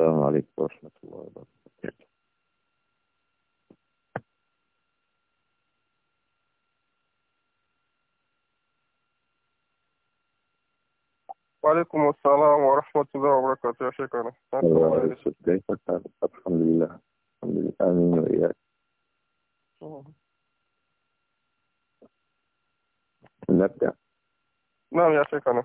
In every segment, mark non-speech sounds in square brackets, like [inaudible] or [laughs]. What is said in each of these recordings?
السلام عليكم ورحمة الله وبركاته وعليكم السلام ورحمة الله وبركاته يا شيخنا كيف الحمد لله الحمد لله آمين وإياك نبدأ نعم يا شيخنا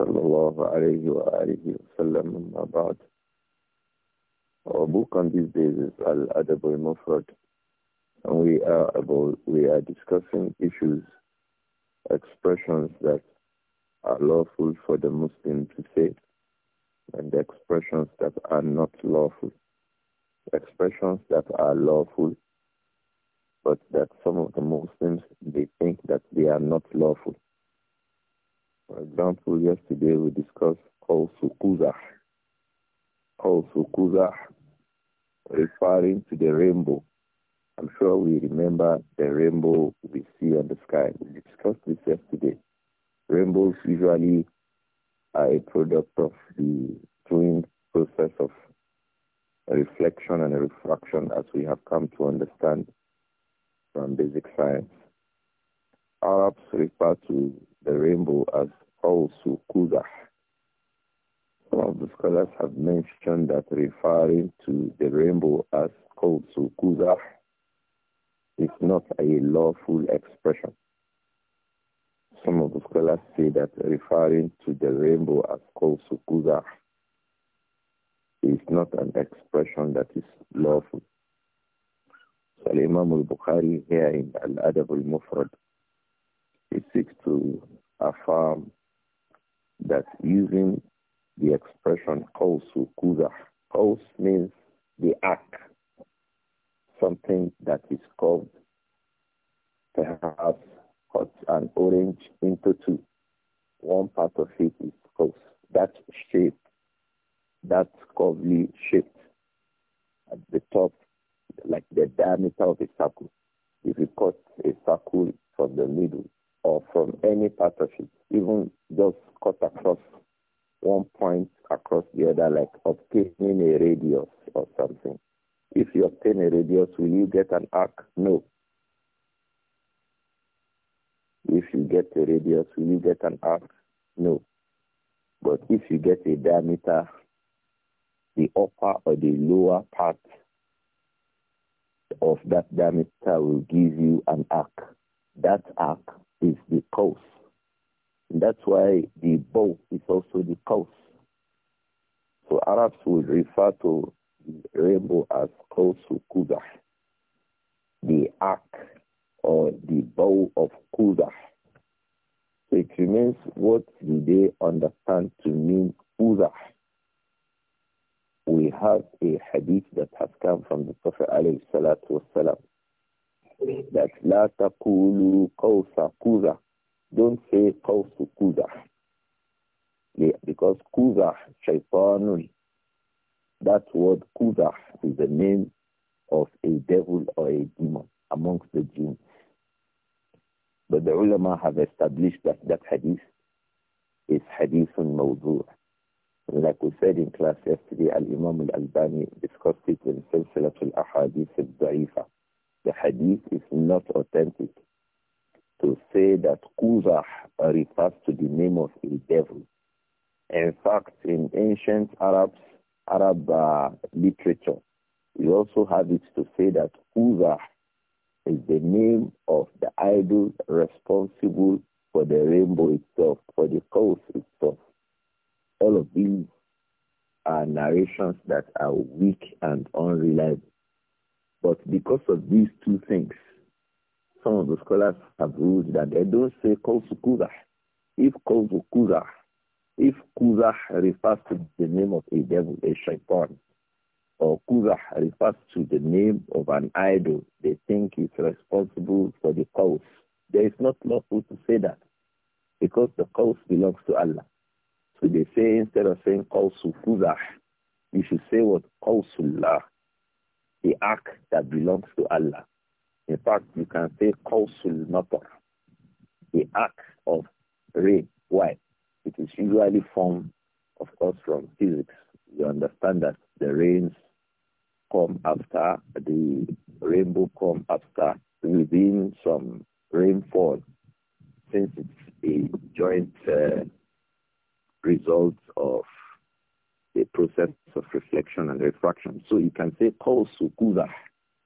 صلى الله عليه وآله وسلم about our book on these days is Al-Adab al-Mufrad and we are about, we are discussing issues, expressions that are lawful for the Muslim to say and the expressions that are not lawful. Expressions that are lawful but that some of the Muslims, they think that they are not lawful. For example, yesterday we discussed also sukuzah," Also sukuzah," referring to the rainbow. I'm sure we remember the rainbow we see on the sky. We discussed this yesterday. Rainbows usually are a product of the twin process of reflection and refraction as we have come to understand from basic science. Arabs refer to the rainbow as also Kudah. Some of the scholars have mentioned that referring to the rainbow as also Kudah is not a lawful expression. Some of the scholars say that referring to the rainbow as also Kudah is not an expression that is lawful. So Imam al-Bukhari here in Al-Adab al-Mufrad, he seeks to affirm that using the expression qawsu kudah, means the act. something that is curved, perhaps cut an orange into two. One part of it is qaws. That shape, that curvy shape at the top, like the diameter of a circle. If you cut a circle from the middle, or from any part of it, even just cut across one point across the other, like obtaining a radius or something. If you obtain a radius, will you get an arc? No. If you get a radius, will you get an arc? No. But if you get a diameter, the upper or the lower part of that diameter will give you an arc. That arc is the cause. And that's why the bow is also the cause. So Arabs would refer to the rainbow as Qawsu Kudah, the ark or the bow of Kudah. So it remains what do they understand to mean Kudah. We have a hadith that has come from the Prophet alayhi salatu wasalam that la taqulu kuza. Don't say qawsu kuza. Yeah, because kuza, shaitanun, that word kuza is the name of a devil or a demon amongst the jinns. But the ulama have established that that hadith is hadithun mawdu'ah, Like we said in class yesterday, Al-Imam Al-Albani discussed it in Silsilat ahadith Al-Da'ifa the hadith is not authentic. To say that Quzah refers to the name of a devil. In fact, in ancient Arabs, Arab uh, literature, we also have it to say that Quzah is the name of the idol responsible for the rainbow itself, for the coast itself. All of these are narrations that are weak and unreliable. But because of these two things, some of the scholars have ruled that they don't say Qawsu Kuzah. If Qawsu Kuzah, if Kuzah refers to the name of a devil, a shaitan, or Kuzah refers to the name of an idol they think it's responsible for the cause. There is not lawful to say that because the cause belongs to Allah. So they say instead of saying Qawsu Kuzah, you should say what Allah the ark that belongs to Allah. In fact, you can say Qawsul Matar, the ark of rain. Why? It is usually formed, of course, from physics. You understand that the rains come after, the rainbow come after, within some rainfall, since it's a joint uh, result of the process of reflection and refraction. So you can say qaws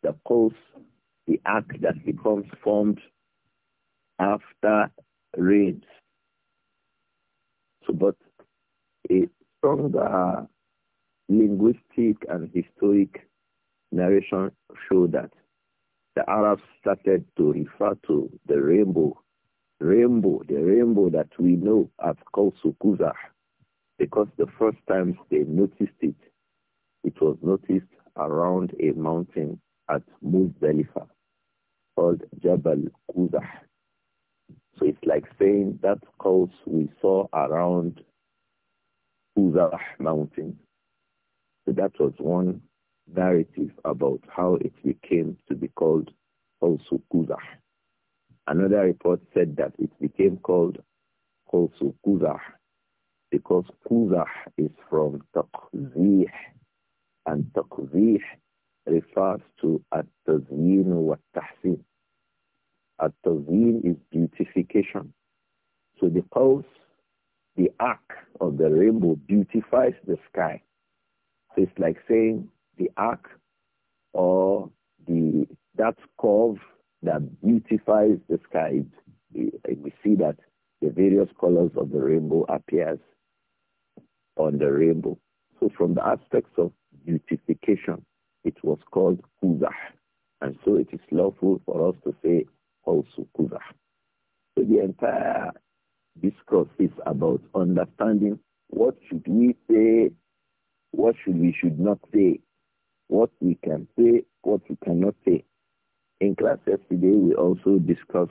the pulse, the act that becomes formed after rains. So, but a stronger linguistic and historic narration show that the Arabs started to refer to the rainbow, rainbow, the rainbow that we know as Kal because the first times they noticed it, it was noticed around a mountain at Muzdalifa called Jabal Kuzah. So it's like saying that cause we saw around Kuzah mountain. So that was one narrative about how it became to be called also Kuzah. Another report said that it became called also Kuzah because kuzah is from taqzih and taqzih refers to at-tazyin wa tahsin. At-tazyin is beautification. So the pulse, the arc of the rainbow beautifies the sky. So it's like saying the arc or the that curve that beautifies the sky. We see that the various colors of the rainbow appears on the rainbow. So from the aspects of beautification, it was called kuzah. And so it is lawful for us to say also kuzah. So the entire discourse is about understanding what should we say, what should we should not say, what we can say, what we cannot say. In class yesterday, we also discussed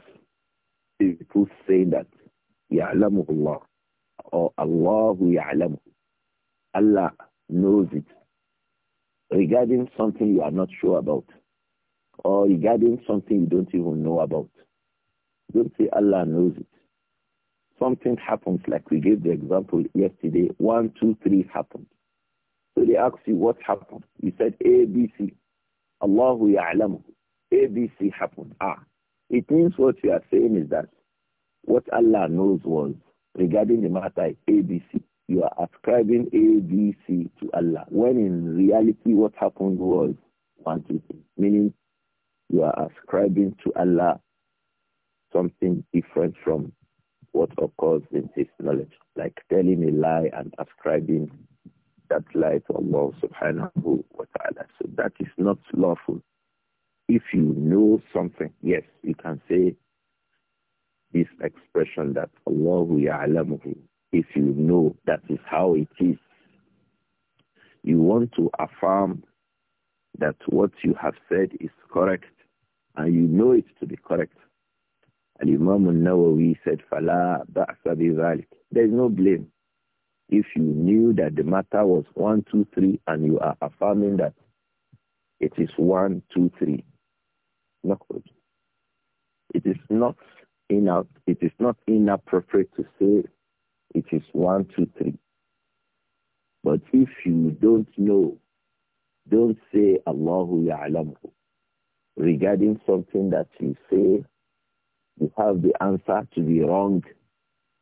people saying that يعلمه الله or Allah يعلمه Allah knows it. Regarding something you are not sure about or regarding something you don't even know about, don't say Allah knows it. Something happens like we gave the example yesterday. One, two, three happened. So they ask you what happened. You said A, B, C. Allahu ya'lamu. A, B, C happened. Ah. It means what you are saying is that what Allah knows was regarding the matter A, B, C you are ascribing A, B, C to Allah. When in reality what happened was one, two, three. Meaning you are ascribing to Allah something different from what occurs in his knowledge. Like telling a lie and ascribing that lie to Allah subhanahu wa ta'ala. So that is not lawful. If you know something, yes, you can say this expression that Allah ya'lamuhu if you know that is how it is. You want to affirm that what you have said is correct and you know it to be correct. And imam al-Nawawi said, فَلَا بَعْثَ There is no blame. If you knew that the matter was one, two, three, and you are affirming that it is one, two, three, No good. It is not, in, it is not inappropriate to say it is one, two, three. But if you don't know, don't say Allahu Ya'lamu. Regarding something that you say, you have the answer to be wrong,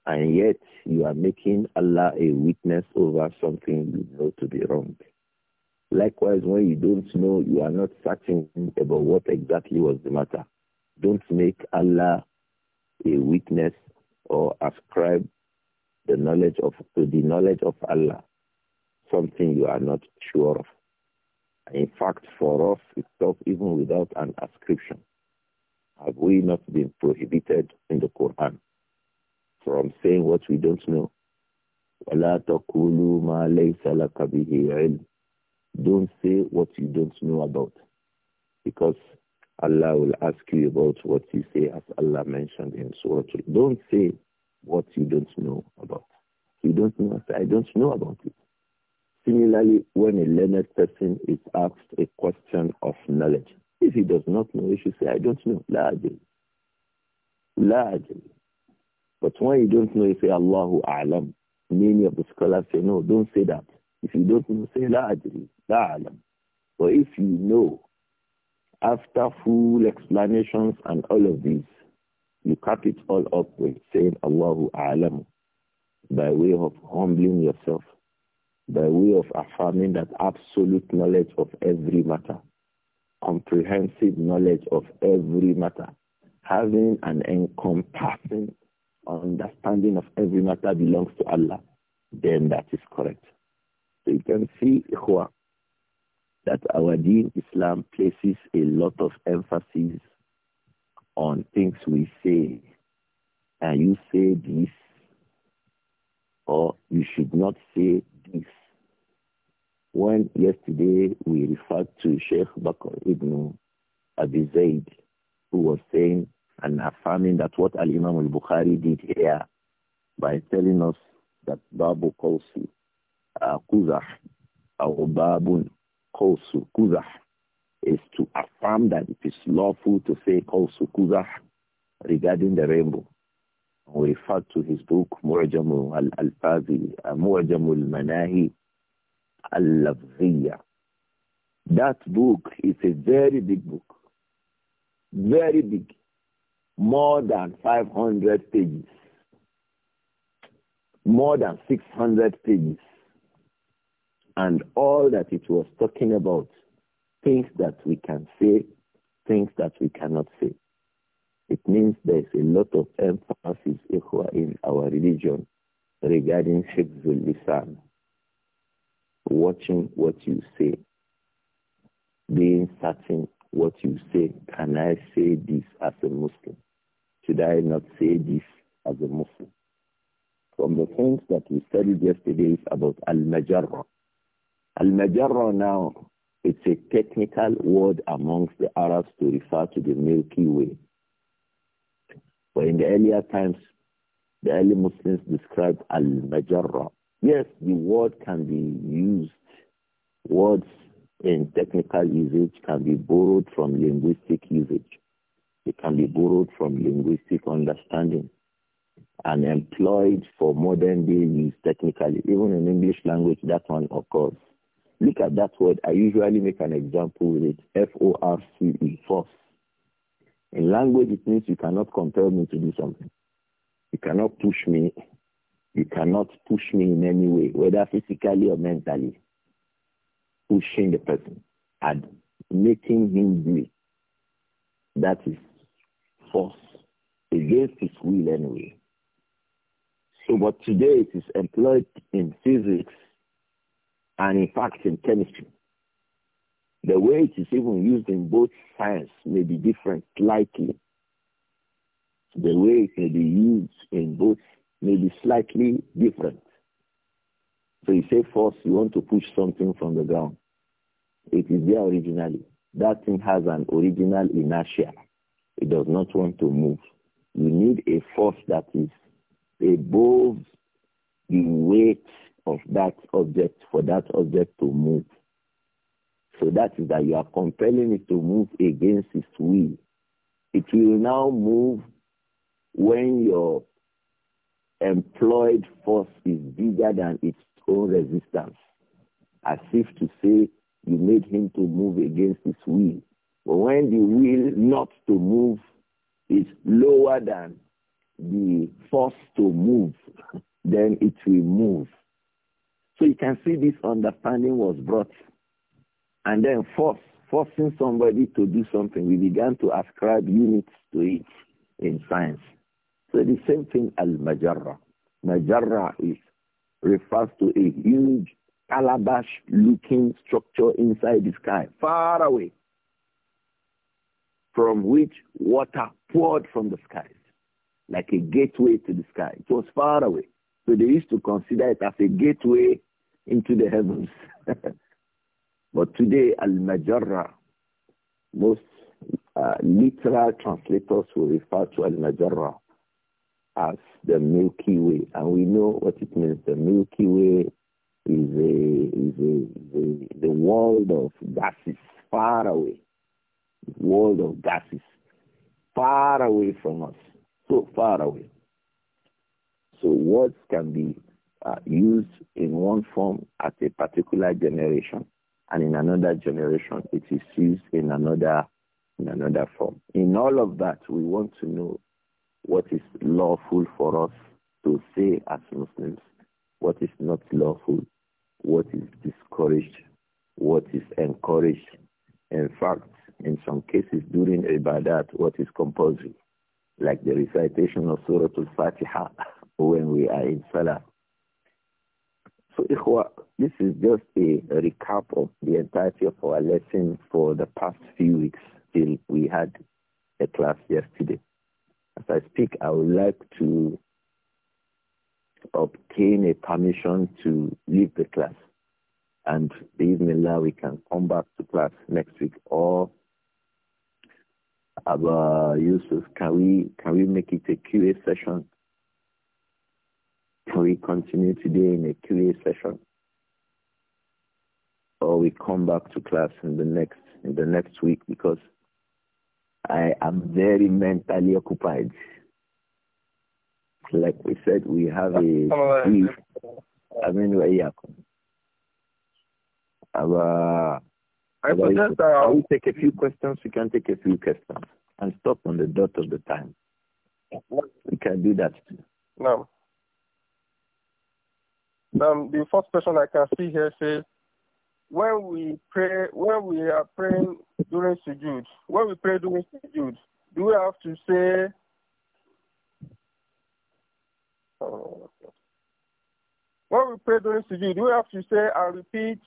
and yet you are making Allah a witness over something you know to be wrong. Likewise, when you don't know, you are not certain about what exactly was the matter. Don't make Allah a witness or ascribe the knowledge of to the knowledge of Allah, something you are not sure of. In fact, for us itself, even without an ascription, have we not been prohibited in the Quran from saying what we don't know? وَلَا تَقُولُوا مَا لَيْسَ لَكَ بِهِ عِلْمٍ Don't say what you don't know about. Because Allah will ask you about what you say as Allah mentioned in Surah. Don't say what you don't know about. You don't know, I don't know about it. Similarly, when a learned person is asked a question of knowledge, if he does not know, he should say, I don't know. Largely. Largely. But when you don't know, you say, Allahu A'lam. Many of the scholars say, no, don't say that. If you don't know, say, La Adri, A'lam. But if you know, after full explanations and all of these, you cap it all up with saying Allahu A'lam by way of humbling yourself, by way of affirming that absolute knowledge of every matter, comprehensive knowledge of every matter, having an encompassing understanding of every matter belongs to Allah, then that is correct. So you can see, Ikhwa, that our deen Islam places a lot of emphasis on things we say and you say this or you should not say this. When yesterday we referred to Sheikh Bakr ibn Abi Zaid who was saying and affirming that what Al-Imam al-Bukhari did here by telling us that Babu Qawsi, uh, Kuzah, or Babun Qawsu, Kuzah, is to affirm that it is lawful to say also kuzah regarding the rainbow. We refer to his book Mu'jam al-Alfazi, uh, Mu'jam al-Manahi al-Lafziya. That book is a very big book, very big, more than 500 pages, more than 600 pages. And all that it was talking about things that we can say, things that we cannot say. It means there's a lot of emphasis in our religion regarding Hibzul Lisan, watching what you say, being certain what you say. Can I say this as a Muslim? Should I not say this as a Muslim? From the things that we studied yesterday is about Al-Majarra. Al-Majarra now it's a technical word amongst the Arabs to refer to the Milky Way. But in the earlier times, the early Muslims described al-Majarra. Yes, the word can be used. Words in technical usage can be borrowed from linguistic usage. It can be borrowed from linguistic understanding and employed for modern day use technically. Even in English language, that one occurs. Look at that word. I usually make an example with it. F-O-R-C-E, force. In language, it means you cannot compel me to do something. You cannot push me. You cannot push me in any way, whether physically or mentally. Pushing the person and making him do it. That is force against his will anyway. So, but today it is employed in physics and in fact in chemistry. The way it is even used in both science may be different slightly. The way it may be used in both may be slightly different. So you say first you want to push something from the ground. It is there originally. That thing has an original inertia. It does not want to move. You need a force that is above the weight of that object for that object to move. So that is that you are compelling it to move against its will. It will now move when your employed force is bigger than its own resistance, as if to say you made him to move against his will. But when the will not to move is lower than the force to move, [laughs] then it will move. So you can see this understanding was brought. And then force, forcing somebody to do something, we began to ascribe units to it in science. So the same thing as Majarra. Majarra is, refers to a huge calabash-looking structure inside the sky, far away, from which water poured from the skies, like a gateway to the sky. It was far away. So they used to consider it as a gateway into the heavens. [laughs] but today, Al-Majarra, most uh, literal translators will refer to Al-Majarra as the Milky Way. And we know what it means. The Milky Way is, a, is a, the, the world of gases far away. World of gases far away from us. So far away. So words can be uh, used in one form at a particular generation, and in another generation, it is used in another in another form. In all of that, we want to know what is lawful for us to say as Muslims, what is not lawful, what is discouraged, what is encouraged. In fact, in some cases during Ibadat, what is compulsory, like the recitation of Surah Al-Fatiha [laughs] when we are in Salah. So this is just a recap of the entirety of our lesson for the past few weeks till we had a class yesterday. As I speak, I would like to obtain a permission to leave the class. And Bismillah, we can come back to class next week. Or Abba Yusuf, can we can we make it a QA session we continue today in a QA session? Or we come back to class in the next in the next week because I am very mentally occupied. Like we said, we have a brief. I mean, we are. Our, I suggest that I will um, take a few questions. We can take a few questions and stop on the dot of the time. We can do that too. No. Um, the first question I can see here says, when we pray, when we are praying during sujood, when we pray during sujood, do we have to say? When we pray during sujood, do we have to say and repeat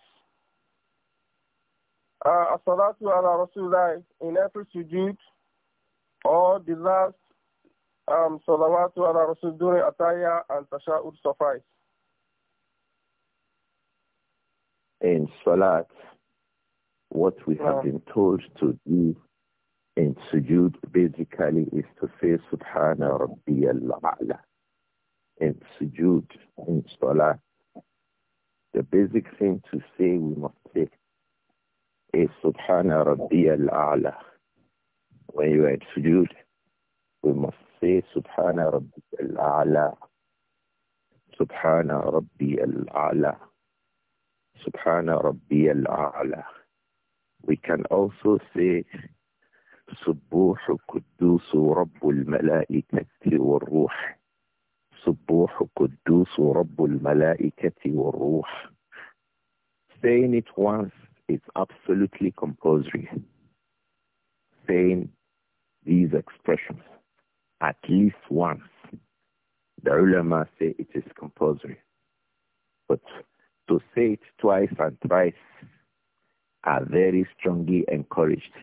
uh, As-salatu ala Rasulullah in every sujood or the last um, salawatu ala Rasul during ataya and tashahud suffice? in salat what we have been told to do in sujood basically is to say subhana rabbiyal a'la in sujood in salah the basic thing to say we must say is subhana rabbiyal a'la when you are in sujood we must say subhana rabbiyal a'la subhana rabbiyal a'la Subhana Rabbiyal A'la. We can also say سبوح قدوس رب الملائكة والروح سبوح قدوس رب الملائكة والروح Saying it once is absolutely compulsory. Saying these expressions at least once. The ulama say it is compulsory. But to say it twice and thrice are very strongly encouraged.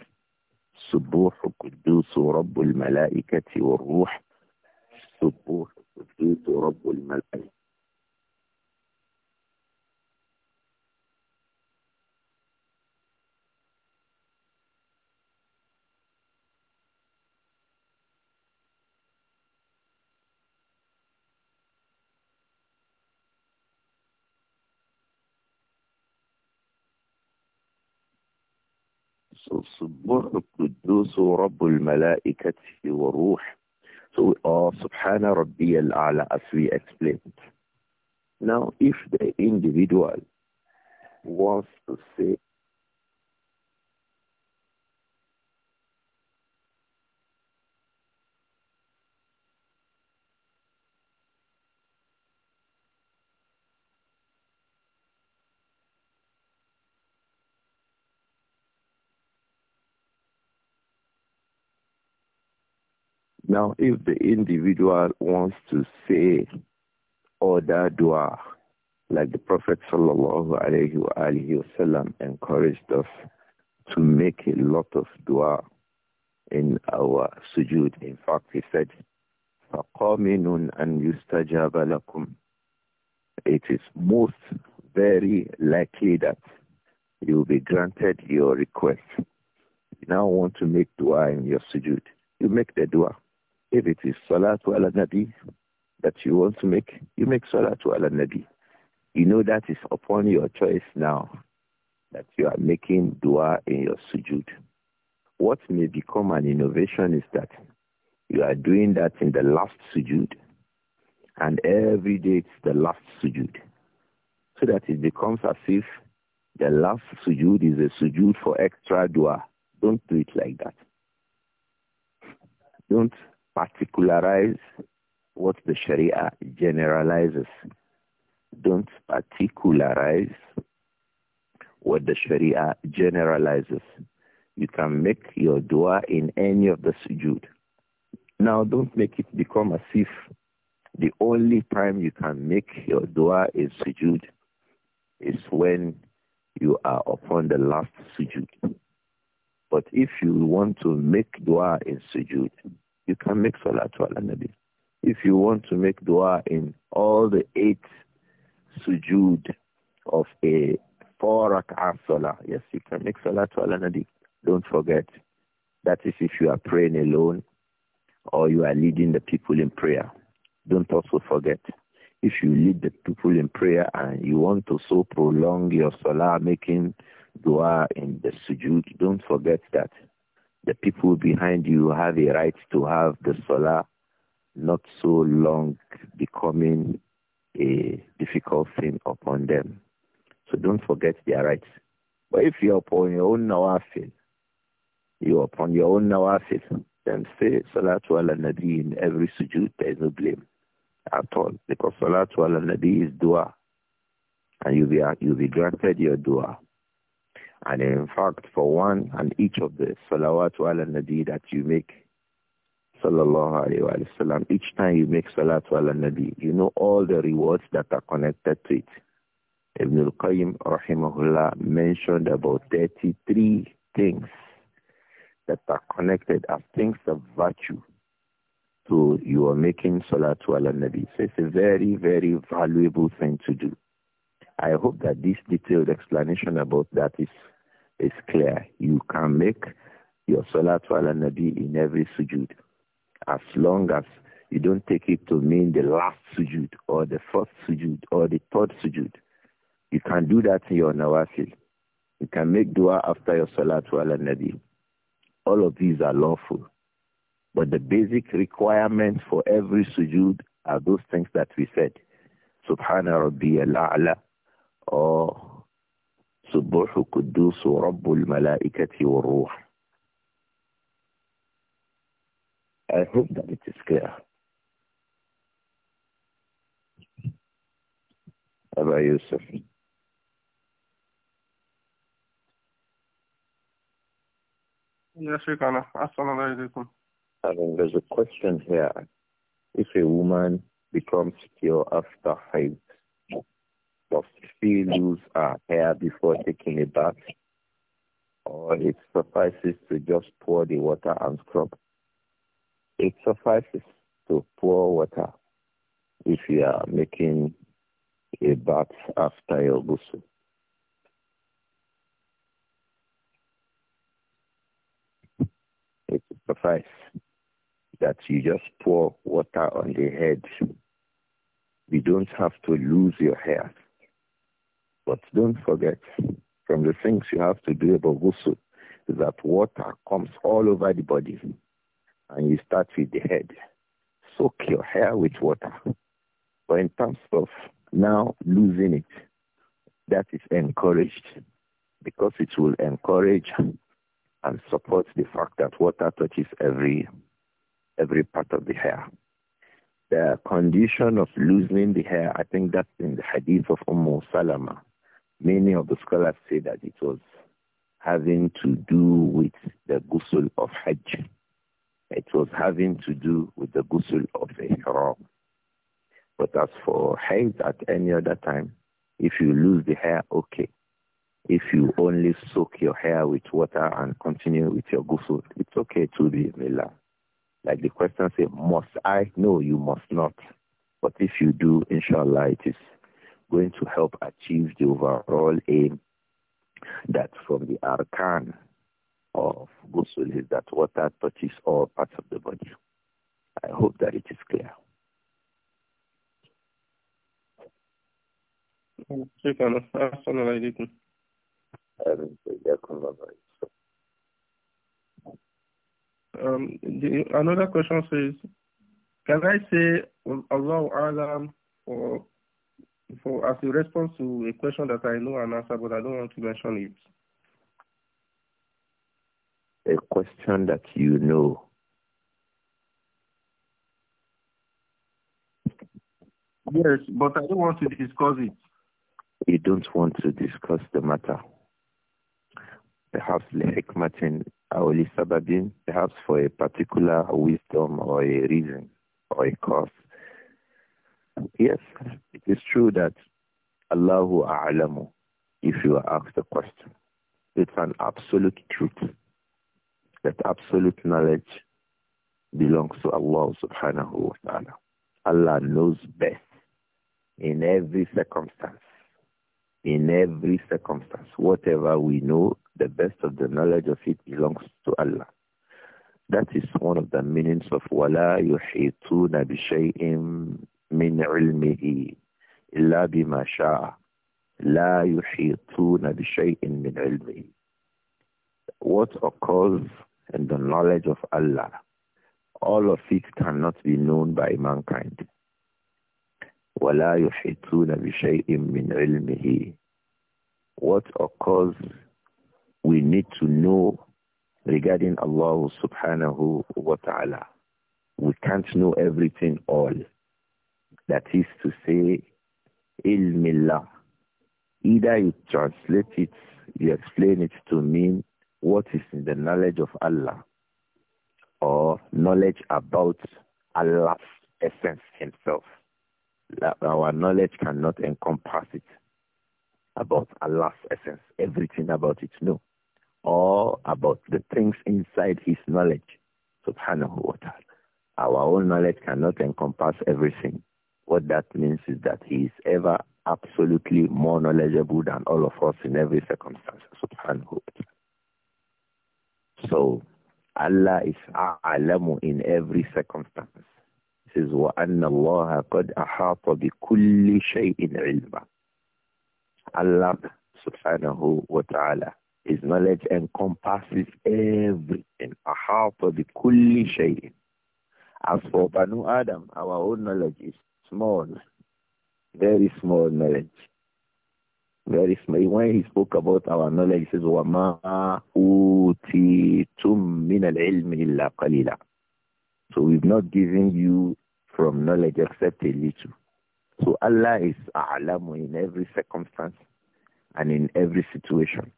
سبوح Rabbul رب wa Ruḥ. Subuhu قدوس Rabbul الملائكة الروح القدوس رب الملائكة والروح So uh, Subhana Rabbi al-A'la as we explained. Now if the individual wants to say Now, if the individual wants to say other dua, like the Prophet sallallahu alayhi wasallam encouraged us to make a lot of dua in our sujud. In fact, he said, "Faqaminun an يُسْتَجَابَ It is most very likely that you will be granted your request. You now want to make dua in your sujud. You make the dua. If it is Salatu ala Nabi that you want to make, you make Salatu ala Nabi. You know that is upon your choice now that you are making dua in your sujud. What may become an innovation is that you are doing that in the last sujud, and every day it's the last sujud, So that it becomes as if the last sujud is a sujud for extra dua. Don't do it like that. Don't particularize what the Sharia generalizes. Don't particularize what the Sharia generalizes. You can make your dua in any of the sujood. Now, don't make it become as if the only time you can make your dua in sujood is when you are upon the last sujood. But if you want to make dua in sujood, you can make to Allah nabi. If you want to make dua in all the eight sujud of a four rak'ah salah, yes, you can make to Allah nabi. Don't forget. That is if you are praying alone or you are leading the people in prayer. Don't also forget. If you lead the people in prayer and you want to so prolong your salah making dua in the sujud, don't forget that the people behind you have a right to have the salah not so long becoming a difficult thing upon them. So don't forget their rights. But if you're upon your own nawafil, you're upon your own nawafil, then say Salatu ala Nabi in every sujood, there is no blame at all. Because Salatu ala Nabi is dua. And you'll be, you'll be granted your dua. And in fact, for one and each of the salawat ala nabi that you make, sallallahu alayhi wa sallam, each time you make salatu ala nabi, you know all the rewards that are connected to it. Ibn al-Qayyim rahimahullah mentioned about 33 things that are connected as things of virtue to your making salatu ala nabi. So it's a very, very valuable thing to do. I hope that this detailed explanation about that is is clear. You can make your salatu ala nabi in every sujud, as long as you don't take it to mean the last sujud or the first sujud or the third sujud. You can do that in your nawafil. You can make dua after your salatu ala nabi. All of these are lawful. But the basic requirements for every sujud are those things that we said. Subhana rabbi ala or سبوح قدوس رب الملائكة والروح I hope that it is clear. Abba Yusuf. Yes, there's a question here. If a woman becomes pure after high of still lose our hair before taking a bath, or it suffices to just pour the water and scrub. It suffices to pour water if you are making a bath after your ghusl. It suffices that you just pour water on the head. You don't have to lose your hair. But don't forget, from the things you have to do about ghusl is that water comes all over the body. And you start with the head. Soak your hair with water. But in terms of now losing it, that is encouraged because it will encourage and support the fact that water touches every every part of the hair. The condition of losing the hair, I think that's in the hadith of Umm Salama Many of the scholars say that it was having to do with the ghusl of Hajj. It was having to do with the ghusl of Ihram. But as for hair at any other time, if you lose the hair, okay. If you only soak your hair with water and continue with your ghusl, it's okay to be Mila. Like the question says, must I? No, you must not. But if you do, inshallah, it is going to help achieve the overall aim that from the arkan of ghusl is that water touches all parts of the body. I hope that it is clear. um, the, another question says, can I say Allahu Alam or for as a response to a question that I know an answer, but I don't want to mention it. A question that you know. Yes, but I don't want to discuss it. You don't want to discuss the matter. Perhaps Lehek Martin Aoli Sababin, perhaps for a particular wisdom or a reason or a cause. Yes, it is true that Allahu A'lamu, if you are asked the question. It's an absolute truth. That absolute knowledge belongs to Allah subhanahu wa ta'ala. Allah knows best in every circumstance. In every circumstance. Whatever we know, the best of the knowledge of it belongs to Allah. That is one of the meanings of وَلَا يُحِيطُونَ بِشَيْءٍ من علمه إلا بما شاء لا يحيطون بشيء من علمه What occurs in the knowledge of Allah, all of it cannot be known by mankind. ولا يحيطون بشيء من علمه What occurs we need to know regarding Allah subhanahu wa ta'ala. We can't know everything all. That is to say, ilmillah. Either you translate it, you explain it to mean what is in the knowledge of Allah or knowledge about Allah's essence himself. Our knowledge cannot encompass it about Allah's essence, everything about it, no. Or about the things inside his knowledge, subhanahu wa ta'ala. Our own knowledge cannot encompass everything. What that means is that he is ever absolutely more knowledgeable than all of us in every circumstance. Subhanahu So Allah is a'lamu in every circumstance. This is Wa says, وَأَنَّ اللَّهَ قَدْ bi kulli Shay'in عِلْمًا Allah subhanahu wa ta'ala, His knowledge encompasses everything. bi kulli Shay'in. As for Banu Adam, our own knowledge is small, very small knowledge. Very small. When he spoke about our knowledge, he says, وَمَا أُوتِيتُم مِّنَ الْعِلْمِ إِلَّا قَلِيلًا So we've not given you from knowledge except a little. So Allah is a'lamu in every circumstance and in every situation.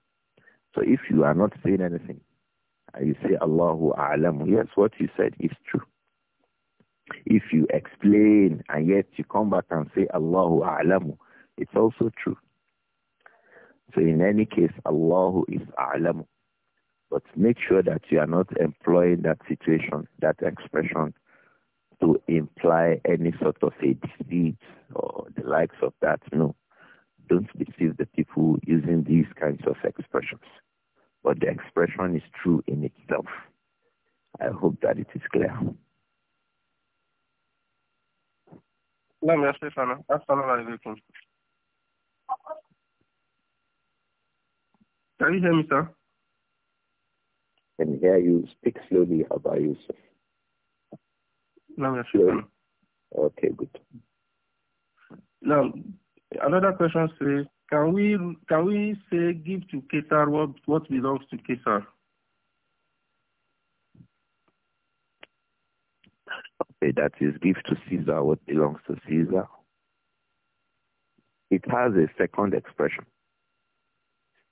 So if you are not saying anything, you say Allahu a'lamu, yes, what you said is true. If you explain and yet you come back and say Allahu A'lamu, it's also true. So in any case, Allahu is A'lamu. But make sure that you are not employing that situation, that expression to imply any sort of a deceit or the likes of that. No. Don't deceive the people using these kinds of expressions. But the expression is true in itself. I hope that it is clear. نعم يا Ask السلام عليكم Can you hear me, sir? Can hear you. Speak slowly, Abba Yusuf. نعم يا شيخنا. Okay, good. Now, another question says, can we can we say give to Qatar what what belongs to Qatar? that is give to Caesar what belongs to Caesar. It has a second expression.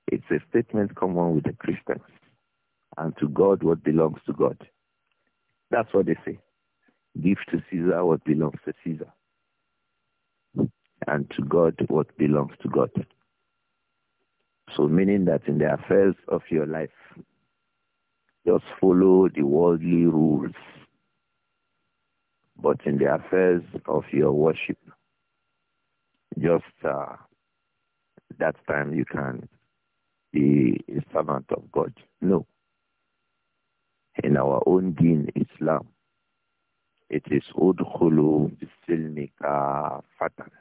It's a statement common with the Christians. And to God what belongs to God. That's what they say. Give to Caesar what belongs to Caesar. And to God what belongs to God. So meaning that in the affairs of your life, just follow the worldly rules but in the affairs of your worship, just uh, that time you can be a servant of God. No. In our own deen, Islam, it is udkhulu bisilmi kafatan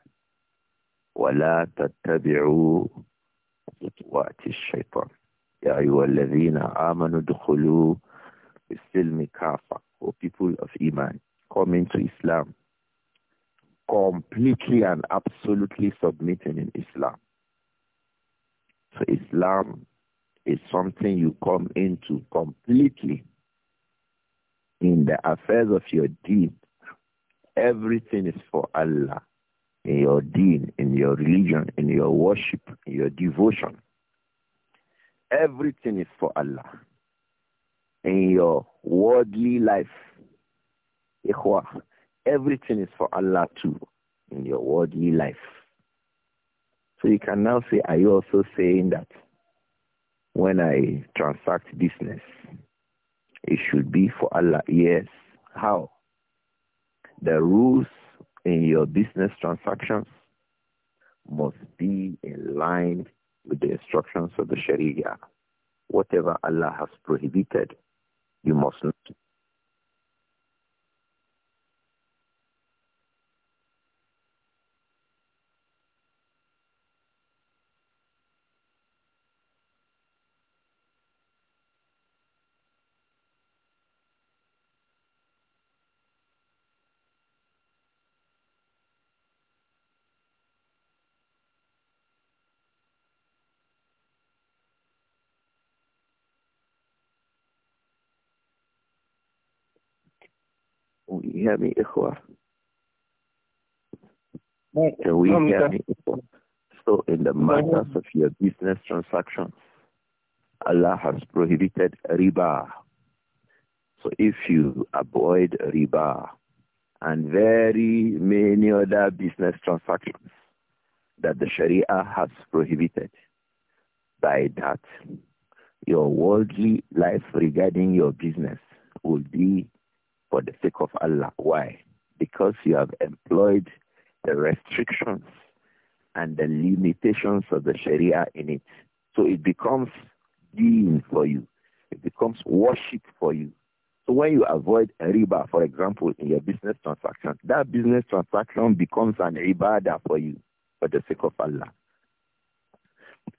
wa la tattabi'u خطوات الشيطان يا أيها الذين آمنوا ادخلوا O people of Iman coming to Islam, completely and absolutely submitting in Islam. So Islam is something you come into completely in the affairs of your deed. Everything is for Allah in your deed, in your religion, in your worship, in your devotion. Everything is for Allah. In your worldly life, Ikhwa, everything is for Allah too in your worldly life. So you can now say, are you also saying that when I transact business, it should be for Allah? Yes. How? The rules in your business transactions must be in line with the instructions of the Sharia. Whatever Allah has prohibited, you must not Hear me, ikhwa? Do we um, have So in the matters um, of your business transactions, Allah has prohibited riba. So if you avoid riba and very many other business transactions that the Sharia has prohibited, by that, your worldly life regarding your business will be for the sake of Allah. Why? Because you have employed the restrictions and the limitations of the Sharia in it. So it becomes deen for you. It becomes worship for you. So when you avoid riba, for example, in your business transaction, that business transaction becomes an ibadah for you for the sake of Allah.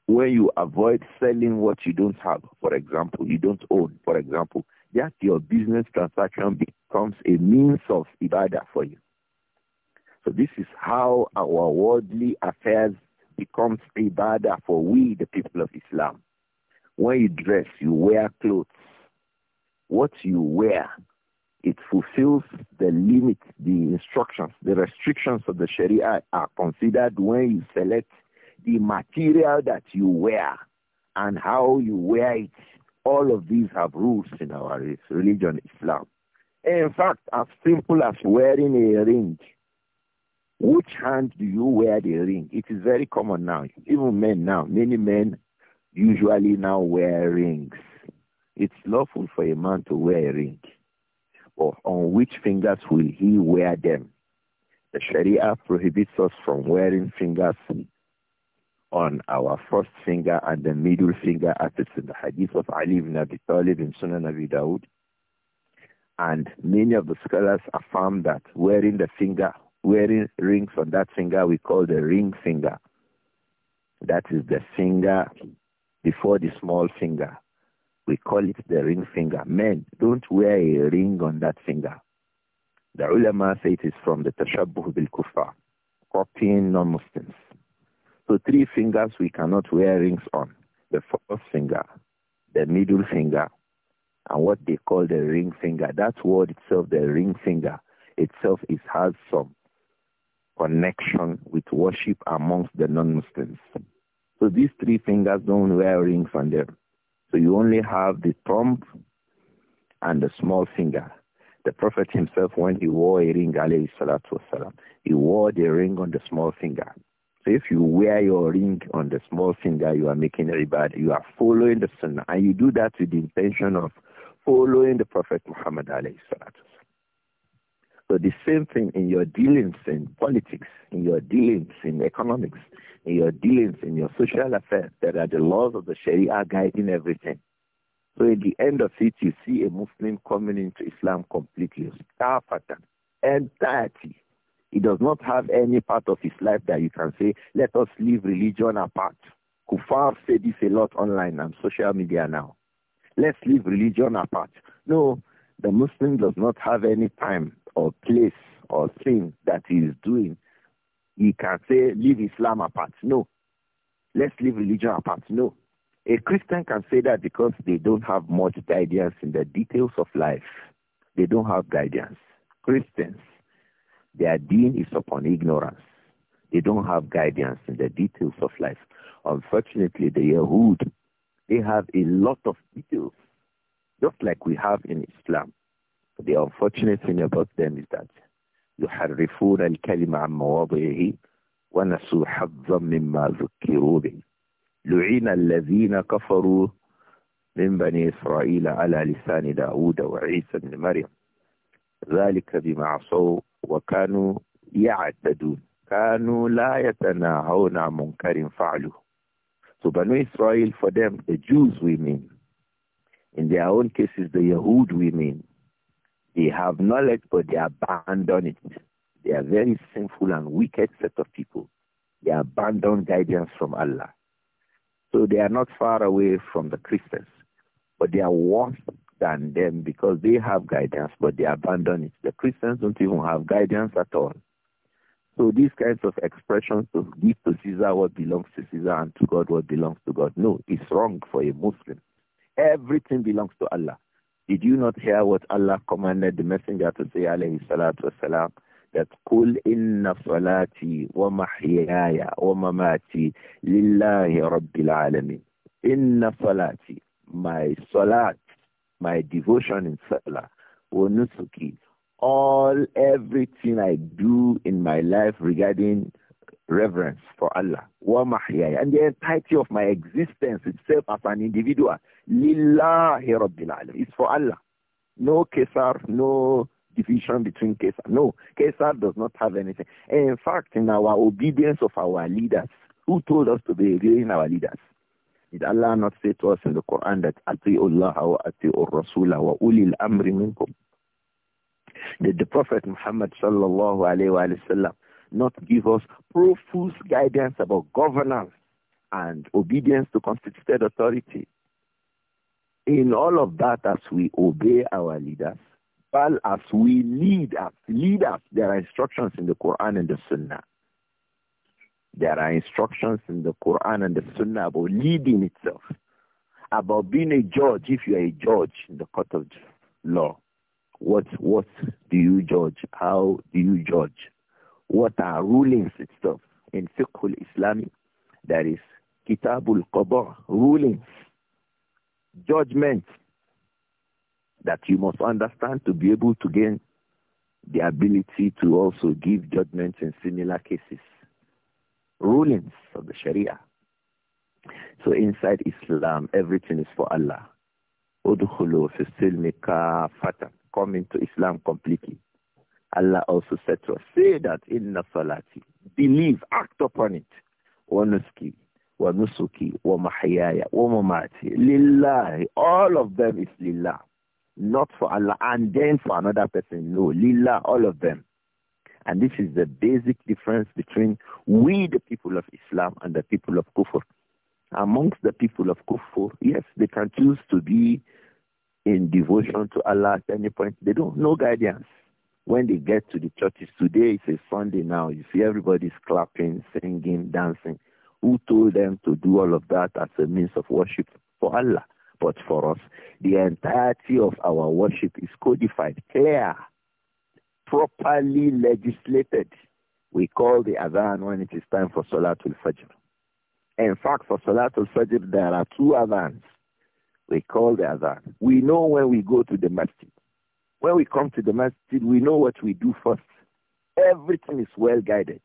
When you avoid selling what you don't have, for example, you don't own, for example, that your business transaction becomes a means of ibadah for you. So this is how our worldly affairs becomes ibadah for we, the people of Islam. When you dress, you wear clothes. What you wear, it fulfills the limits, the instructions, the restrictions of the Sharia are considered when you select the material that you wear and how you wear it. All of these have rules in our religion, Islam. In fact, as simple as wearing a ring. Which hand do you wear the ring? It is very common now. Even men now, many men usually now wear rings. It's lawful for a man to wear a ring. But on which fingers will he wear them? The Sharia prohibits us from wearing fingers on our first finger and the middle finger as it's in the hadith of Ali ibn Abi Talib in Sunan Abi Dawud. And many of the scholars affirm that wearing the finger, wearing rings on that finger we call the ring finger. That is the finger before the small finger. We call it the ring finger. Men, don't wear a ring on that finger. The ulama say it is from the tashabbuh bil kufa, copying non-Muslims. So three fingers we cannot wear rings on. The fourth finger, the middle finger, and what they call the ring finger. That word itself, the ring finger itself, is has some connection with worship amongst the non-Muslims. So these three fingers don't wear rings on them. So you only have the thumb and the small finger. The Prophet himself, when he wore a ring, alayhi he wore the ring on the small finger. So if you wear your ring on the small finger, you are making riba. You are following the sunnah. And you do that with the intention of following the Prophet Muhammad alayhi salatu. So the same thing in your dealings in politics, in your dealings in economics, in your dealings in your social affairs, there are the laws of the Sharia guiding everything. So at the end of it, you see a Muslim coming into Islam completely, starfatan, entirety. He does not have any part of his life that you can say, let us leave religion apart. Kufar say this a lot online and social media now. Let's leave religion apart. No, the Muslim does not have any time or place or thing that he is doing. He can say, leave Islam apart. No. Let's leave religion apart. No. A Christian can say that because they don't have much guidance in the details of life. They don't have guidance. Christians, their deen is upon ignorance. They don't have guidance in the details of life. Unfortunately, the Yahud, they have a lot of details, just like we have in Islam. The unfortunate thing about them is that يحرفون الكلمة عن مواضعه ونسوا حظا مما ذكروا به لعن الذين كفروا من بني إسرائيل على لسان داود وعيسى بن مريم ذلك بما عصوا وكانوا يعتدون كانوا لا يتناهون عن منكر فعله. So Banu Israel, for them, the Jews we mean. In their own cases, the Yahud we mean. They have knowledge, but they abandon it. They are very sinful and wicked set of people. They abandon guidance from Allah. So they are not far away from the Christians, but they are worse than them because they have guidance, but they abandon it. The Christians don't even have guidance at all. So these kinds of expressions of give to Caesar what belongs to Caesar and to God what belongs to God. No, it's wrong for a Muslim. Everything belongs to Allah. Did you not hear what Allah commanded the messenger to say, alayhi salatu wasalam, that قُلْ إِنَّ wa ma mati lillahi rabbil alamin'. Inna salati, my salat, my devotion in Salah, Onusuki, all everything I do in my life regarding reverence for Allah, wa and the entirety of my existence itself as an individual, lillahi rabbil It's for Allah. No kesar, no division between kesar. No, kesar does not have anything. And in fact, in our obedience of our leaders, who told us to be obeying our leaders? Did Allah not say to us in the Quran that Allah wa ati'ur Rasulah wa ulil amri minkum? Did the Prophet Muhammad sallallahu alayhi wa, sallam not give us profuse guidance about governance and obedience to constituted authority? In all of that, as we obey our leaders, but as we lead as leaders, there are instructions in the Quran and the Sunnah there are instructions in the Quran and the Sunnah about leading itself, about being a judge if you are a judge in the court of law. What, what do you judge? How do you judge? What are rulings itself? In fiqh islami there is kitabul Qabr rulings, judgments that you must understand to be able to gain the ability to also give judgments in similar cases rulings of the Sharia. So inside Islam, everything is for Allah. Udkhulu fi Come into Islam completely. Allah also said to us, say that in the salati. Believe, act upon it. Wa nuski, wa nusuki, wa mahayaya, wa mamati. Lillahi. All of them is lillah. Not for Allah and then for another person. No, lillah, all of them. And this is the basic difference between we, the people of Islam, and the people of Kufr. Amongst the people of Kufr, yes, they can choose to be in devotion to Allah at any point. They don't, know guidance. When they get to the churches today, it's a Sunday now. You see everybody's clapping, singing, dancing. Who told them to do all of that as a means of worship for Allah? But for us, the entirety of our worship is codified, clear properly legislated, we call the adhan when it is time for Salatul Fajr. In fact, for Salatul Fajr, there are two adhans. We call the adhan. We know when we go to the masjid. When we come to the masjid, we know what we do first. Everything is well guided.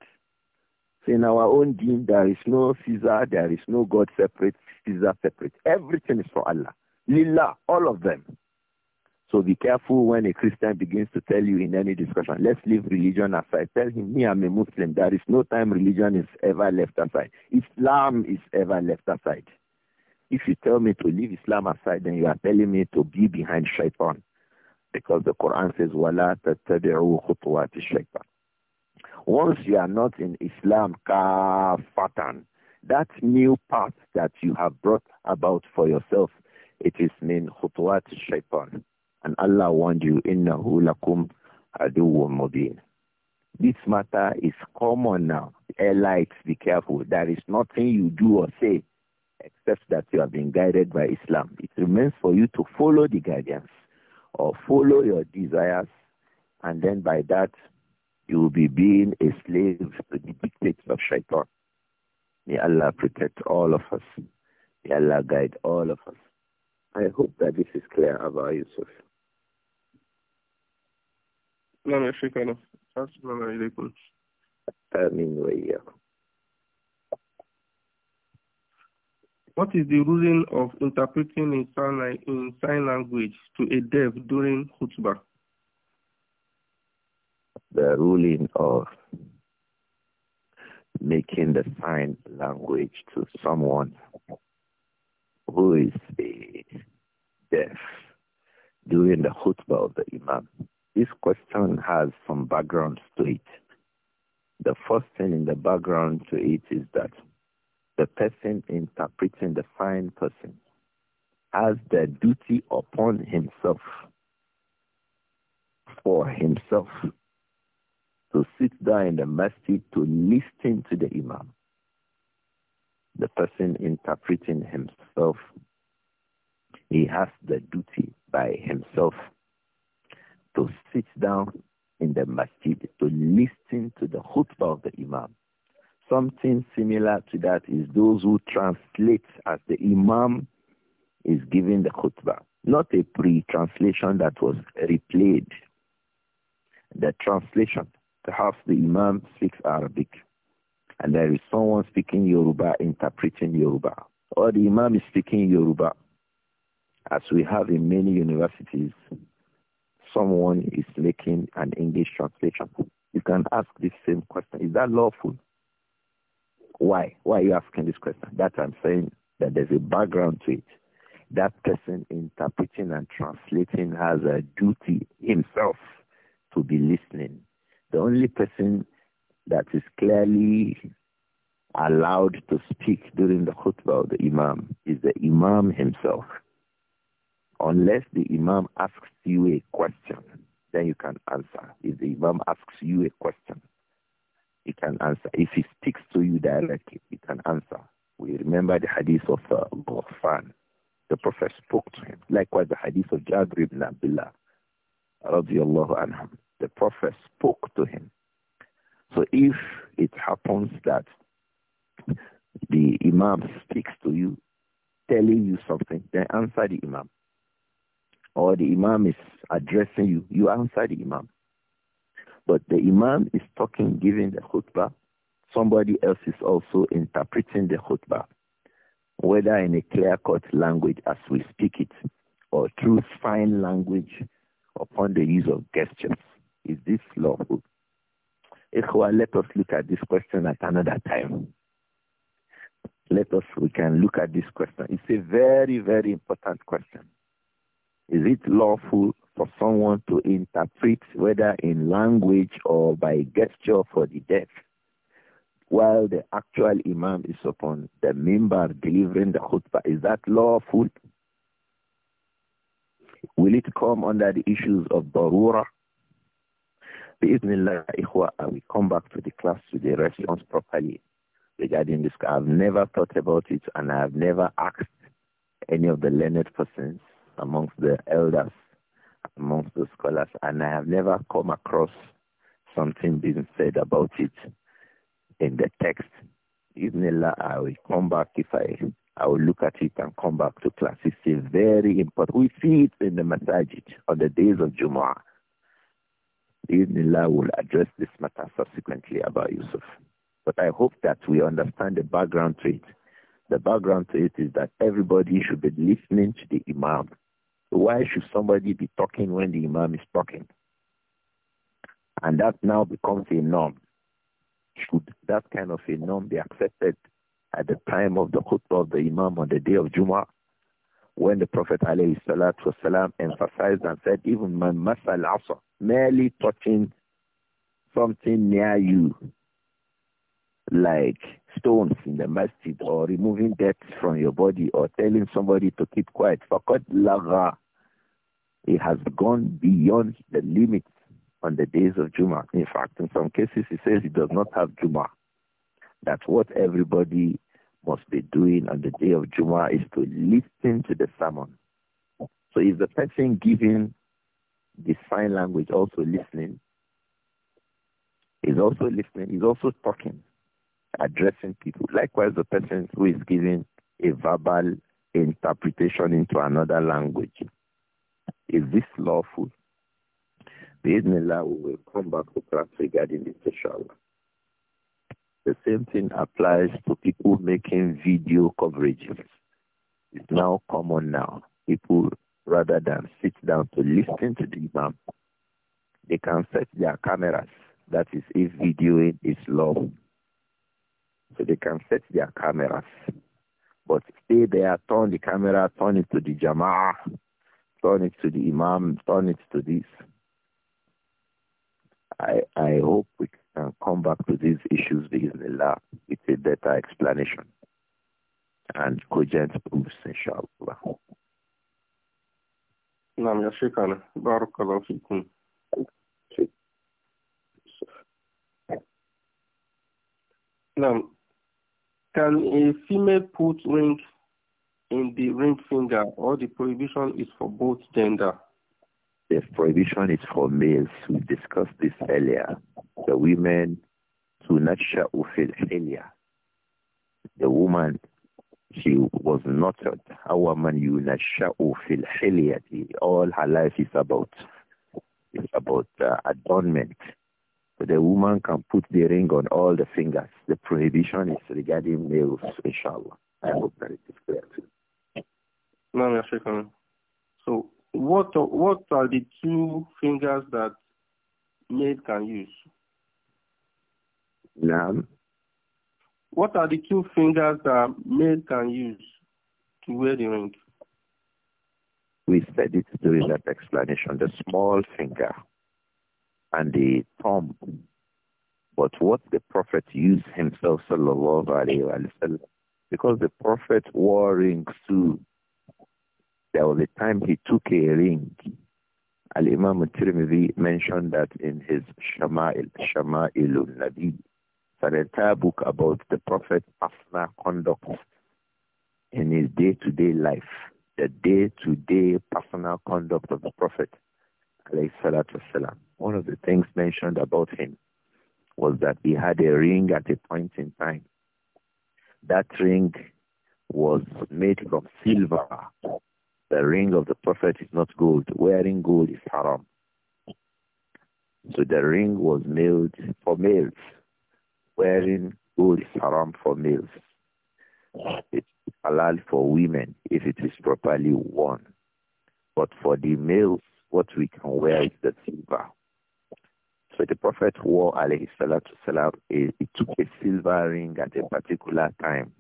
So in our own deen, there is no Caesar, there is no God separate, Caesar separate. Everything is for Allah. Lillah, all of them. So be careful when a Christian begins to tell you in any discussion, let's leave religion aside. Tell him, me, I'm a Muslim. There is no time religion is ever left aside. Islam is ever left aside. If you tell me to leave Islam aside, then you are telling me to be behind shaitan. Because the Quran says, وَلَا تَتَّبِعُوا خُطُوَاتِ الشَّيْطَانِ Once you are not in Islam, kafatan, that new path that you have brought about for yourself, it is min khutuwat shaitan and Allah warned you, إِنَّهُ لَكُمْ عَدُوٌ مُبِينٌ This matter is common now. Elites, be careful. There is nothing you do or say except that you have been guided by Islam. It remains for you to follow the guidance or follow your desires, and then by that, you will be being a slave to the dictates of shaitan. May Allah protect all of us. May Allah guide all of us. I hope that this is clear, Abba Yusuf. Ah, what is the ruling of interpreting in sign, in sign language to a deaf during khutbah? The ruling of making the sign language to someone who is deaf during the khutbah of the imam this question has some background to it. The first thing in the background to it is that the person interpreting the fine person has the duty upon himself for himself to sit down in the masjid to listen to the imam. The person interpreting himself, he has the duty by himself to sit down in the masjid to listen to the khutbah of the imam. Something similar to that is those who translate as the imam is giving the khutbah. Not a pre-translation that was replayed. The translation, perhaps the imam speaks Arabic and there is someone speaking Yoruba interpreting Yoruba or the imam is speaking Yoruba as we have in many universities someone is making an English translation. You can ask the same question. Is that lawful? Why? Why are you asking this question? That I'm saying that there's a background to it. That person interpreting and translating has a duty himself to be listening. The only person that is clearly allowed to speak during the khutbah of the imam is the imam himself. Unless the Imam asks you a question, then you can answer. If the Imam asks you a question, you can answer. If he speaks to you directly, you can answer. We remember the hadith of uh, Ghafan. The Prophet spoke to him. Likewise, the hadith of Jabir ibn Abdullah, radiallahu anhum. The Prophet spoke to him. So if it happens that the Imam speaks to you, telling you something, then answer the Imam or the imam is addressing you, you answer the imam. But the imam is talking, giving the khutbah. Somebody else is also interpreting the khutbah, whether in a clear-cut language as we speak it, or through fine language upon the use of gestures. Is this lawful? Ikhwa, let us look at this question at another time. Let us, we can look at this question. It's a very, very important question. Is it lawful for someone to interpret whether in language or by gesture for the deaf while the actual imam is upon the member delivering the khutbah? Is that lawful? Will it come under the issues of darura? Bismillah, ikhwa, I will come back to the class to the response properly regarding this. I've never thought about it and I've never asked any of the learned persons amongst the elders, amongst the scholars, and I have never come across something being said about it in the text. Even I will come back if I I will look at it and come back to class. It's a very important. We see it in the masajid on the days of Jumu'ah. Ibnillah will address this matter subsequently about Yusuf. But I hope that we understand the background to it. The background to it is that everybody should be listening to the Imam. So why should somebody be talking when the imam is talking? And that now becomes a norm. Should that kind of a norm be accepted at the time of the khutbah of the imam on the day of Jummah? When the Prophet ﷺ emphasized and said, even my masal asa, merely touching something near you, like stones in the masjid or removing dirt from your body or telling somebody to keep quiet. Fakat laga it has gone beyond the limits on the days of Juma. In fact, in some cases, he says he does not have Juma. That what everybody must be doing on the day of Juma is to listen to the sermon. So is the person giving the sign language also listening? Is also listening, is also talking, addressing people. Likewise, the person who is giving a verbal interpretation into another language is this lawful? Bismillah, we will come back to class regarding this inshallah. The same thing applies to people making video coverages. It's now common now. People, rather than sit down to listen to the imam, they can set their cameras. That is, if videoing is lawful. So they can set their cameras. But stay there, turn the camera, turn it to the jama'ah turn it to the imam, turn it to this. I, I hope we can come back to these issues in the lab a better explanation and cogent proofs, inshallah. نعم يا شيخنا بارك الله فيكم نعم can a female put wings in the ring finger or the prohibition is for both gender? The prohibition is for males. We discussed this earlier. The women to nutshell feel failure. The woman she was not a woman you nasha'u fil hilyati. All her life is about is about uh, adornment. But the woman can put the ring on all the fingers. The prohibition is regarding males, inshallah. I hope that it is clear too. No, So what what are the two fingers that maid can use? Now. What are the two fingers that maid can use to wear the ring? We said it during that explanation, the small finger and the thumb. But what the Prophet used himself, sallallahu alayhi wa sallam, because the prophet wore rings too. There was a time he took a ring. Al-Imam al-Tirmidhi mentioned that in his Shama'il, Shama'il al-Nabi. It's an entire book about the prophet's personal conduct in his day-to-day life, the day-to-day -day personal conduct of the prophet. One of the things mentioned about him was that he had a ring at a point in time. That ring was made from silver. The ring of the Prophet is not gold. Wearing gold is haram. So the ring was made for males. Wearing gold is haram for males. It's halal for women if it is properly worn. But for the males, what we can wear is the silver. So the Prophet wore, alayhi salatu salam, a, he took a silver ring at a particular time.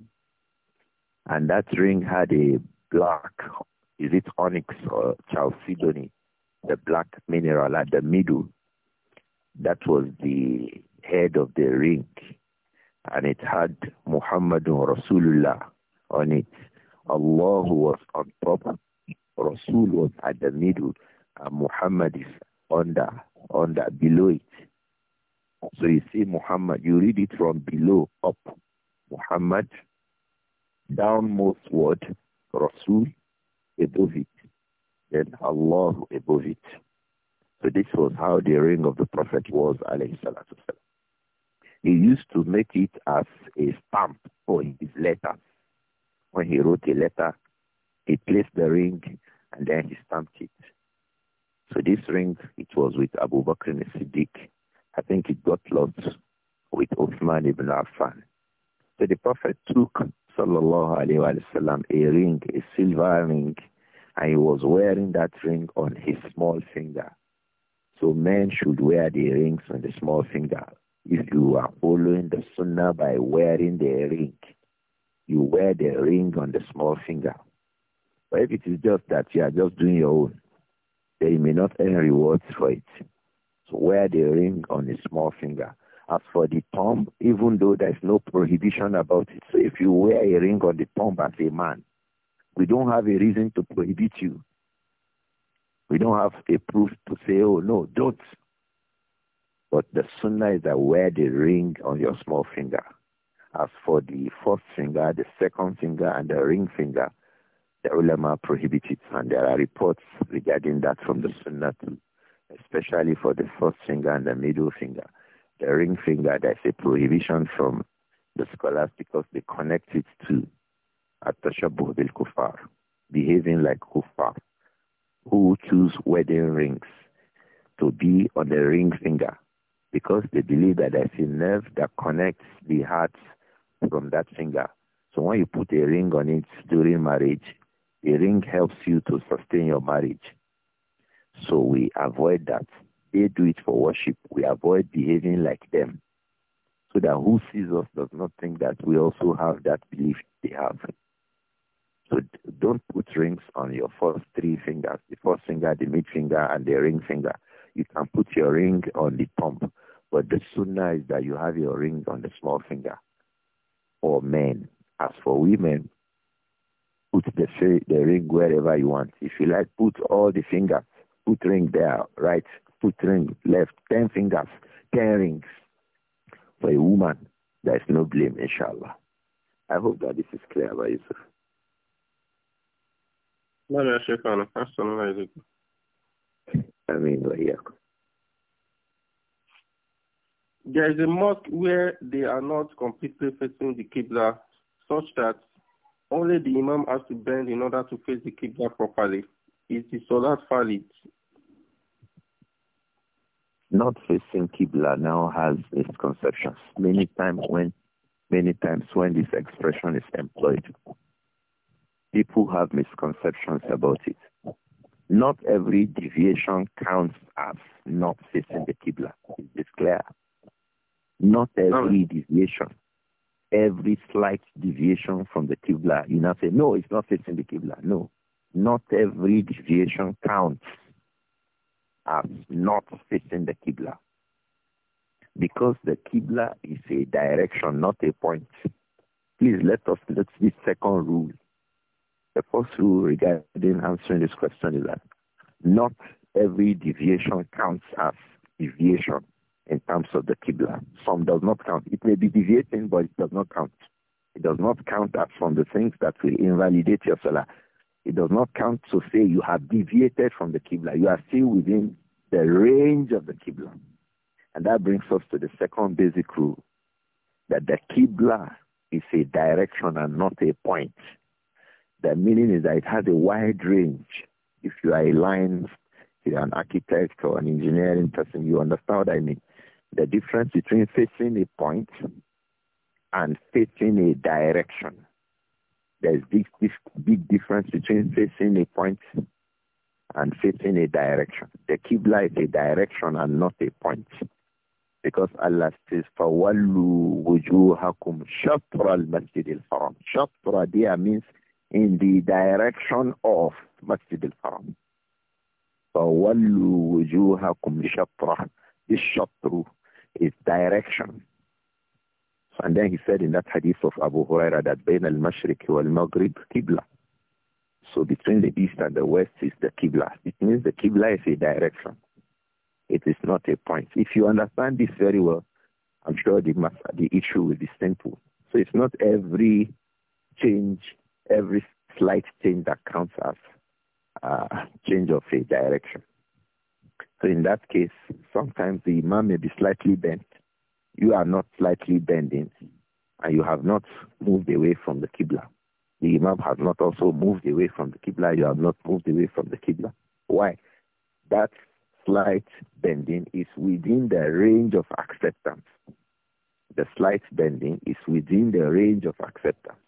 And that ring had a black, is it onyx or chalcedony, the black mineral at the middle. That was the head of the ring. And it had Muhammadun Rasulullah on it. Allah was on top, Rasul was at the middle, and Muhammad is under, under, below it. So you see Muhammad, you read it from below up. Muhammad, downmost word, Rasul, above it. Then Allah above it. So this was how the ring of the Prophet was, alayhi He used to make it as a stamp for his letters. When he wrote a letter, he placed the ring and then he stamped it. So this ring, it was with Abu Bakr and Siddiq Affan. So the Prophet took, sallallahu alaihi wasallam, a ring, a silver ring, and he was wearing that ring on his small finger. So men should wear the rings on the small finger. If you are following the sunnah by wearing the ring, you wear the ring on the small finger. But if it is just that you are just doing your own, then you may not earn rewards for it. So wear the ring on the small finger. As for the thumb, even though there is no prohibition about it, so if you wear a ring on the thumb as a man, we don't have a reason to prohibit you. We don't have a proof to say, oh, no, don't. But the sunnah is that wear the ring on your small finger. As for the fourth finger, the second finger, and the ring finger, the ulama prohibited, And there are reports regarding that from the sunnah too, especially for the fourth finger and the middle finger the ring finger, there's a prohibition from the scholars because they connect it to Atashabuh bil Kufar, behaving like Kufar, who choose wedding rings to be on the ring finger because they believe that there's a nerve that connects the heart from that finger. So when you put a ring on it during marriage, the ring helps you to sustain your marriage. So we avoid that they do it for worship. We avoid behaving like them so that who sees us does not think that we also have that belief they have. So don't put rings on your first three fingers, the first finger, the mid finger, and the ring finger. You can put your ring on the thumb, but the sooner is that you have your ring on the small finger for men. As for women, put the, the ring wherever you want. If you like, put all the fingers, put ring there, right, foot ring, left, ten fingers, ten rings. For a woman, there is no blame, inshallah. I hope that this is clear by Yusuf. نعم يا There is a mosque where they are not completely facing the Qibla such that only the Imam has to bend in order to face the Qibla properly. Is the Salat valid? Not facing Qibla now has misconceptions. Many times when many times when this expression is employed, people have misconceptions about it. Not every deviation counts as not facing the Qibla. It's clear? Not every deviation, every slight deviation from the Qibla, you now say, no, it's not facing the Qibla. No, not every deviation counts as not facing the Qibla. Because the Qibla is a direction, not a point. Please let us, let's this second rule. The first rule regarding answering this question is that not every deviation counts as deviation in terms of the Qibla. Some does not count. It may be deviating, but it does not count. It does not count as from the things that will invalidate your salah. It does not count to say you have deviated from the Qibla. You are still within the range of the Qibla. And that brings us to the second basic rule, that the Qibla is a direction and not a point. The meaning is that it has a wide range. If you are a line, you are an architect or an engineering person, you understand what I mean. The difference between facing a point and facing a direction. There's this big, big difference between facing a point and facing a direction. The Qibla is a direction and not a point. Because Allah says, فَوَلُّوا وُجُوهَكُمْ شَطْرَ الْمَسْجِدِ الْحَرَامِ شَطْرَ there means in the direction of Masjid al-Haram. فَوَلُّوا وُجُوهَكُمْ شَطْرَ This shatru is direction. And then he said in that hadith of Abu Huraira that Bain al Mashrik wal-Maghrib Qibla. So between the east and the west is the Qibla. It means the Qibla is a direction. It is not a point. If you understand this very well, I'm sure the, the issue will be simple. So it's not every change, every slight change that counts as a uh, change of a direction. So in that case, sometimes the imam may be slightly bent you are not slightly bending and you have not moved away from the Qibla. The Imam has not also moved away from the Qibla. You have not moved away from the Qibla. Why? That slight bending is within the range of acceptance. The slight bending is within the range of acceptance.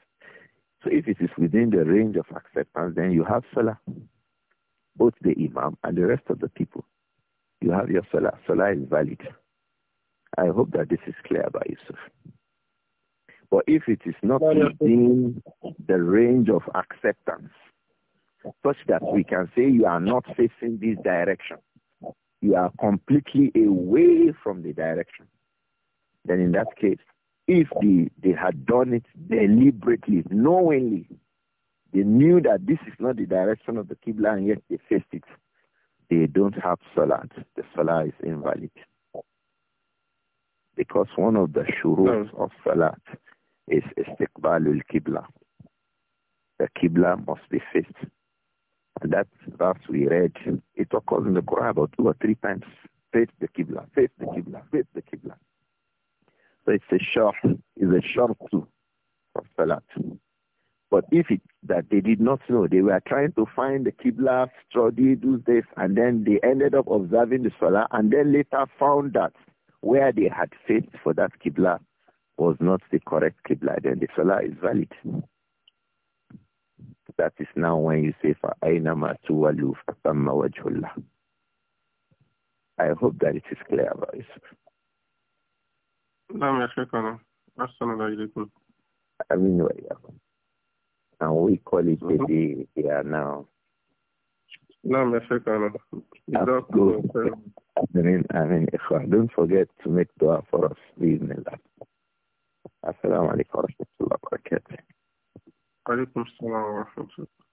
So if it is within the range of acceptance, then you have Salah, both the Imam and the rest of the people. You have your Salah. Salah is valid. I hope that this is clear by Yusuf. But if it is not within the range of acceptance, such that we can say you are not facing this direction, you are completely away from the direction, then in that case, if they, they had done it deliberately, knowingly, they knew that this is not the direction of the Qibla and yet they faced it, they don't have Salat. The Salah is invalid. Because one of the shurut no. of salat is istiqbalul qibla. The qibla must be faced. And that verse we read, it occurs in the Quran about two or three times. Face the qibla, face the qibla, face the qibla. So it's a short, it's a short too of salat. But if it that they did not know, they were trying to find the Qibla, study, do this, and then they ended up observing the Salah, and then later found that where they had faith for that Qibla was not the correct Qibla, then the Salah is valid. That is now when you say, فَأَيْنَمَا تُوَلُّوا فَتَمَّ وَجْهُ اللَّهِ I hope that it is clear about it. نعم يا And we call it mm-hmm. a day here now. No, Mr. Colonel. I mean, I don't forget to make dua for us, please, Nila. Assalamu alaikum wa rahmatullahi